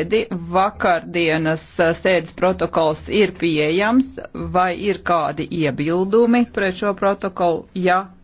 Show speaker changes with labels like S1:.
S1: sēdi. Vakardienas sēdes protokols ir pieejams. Vai ir kādi iebildumi pret šo protokolu? Ja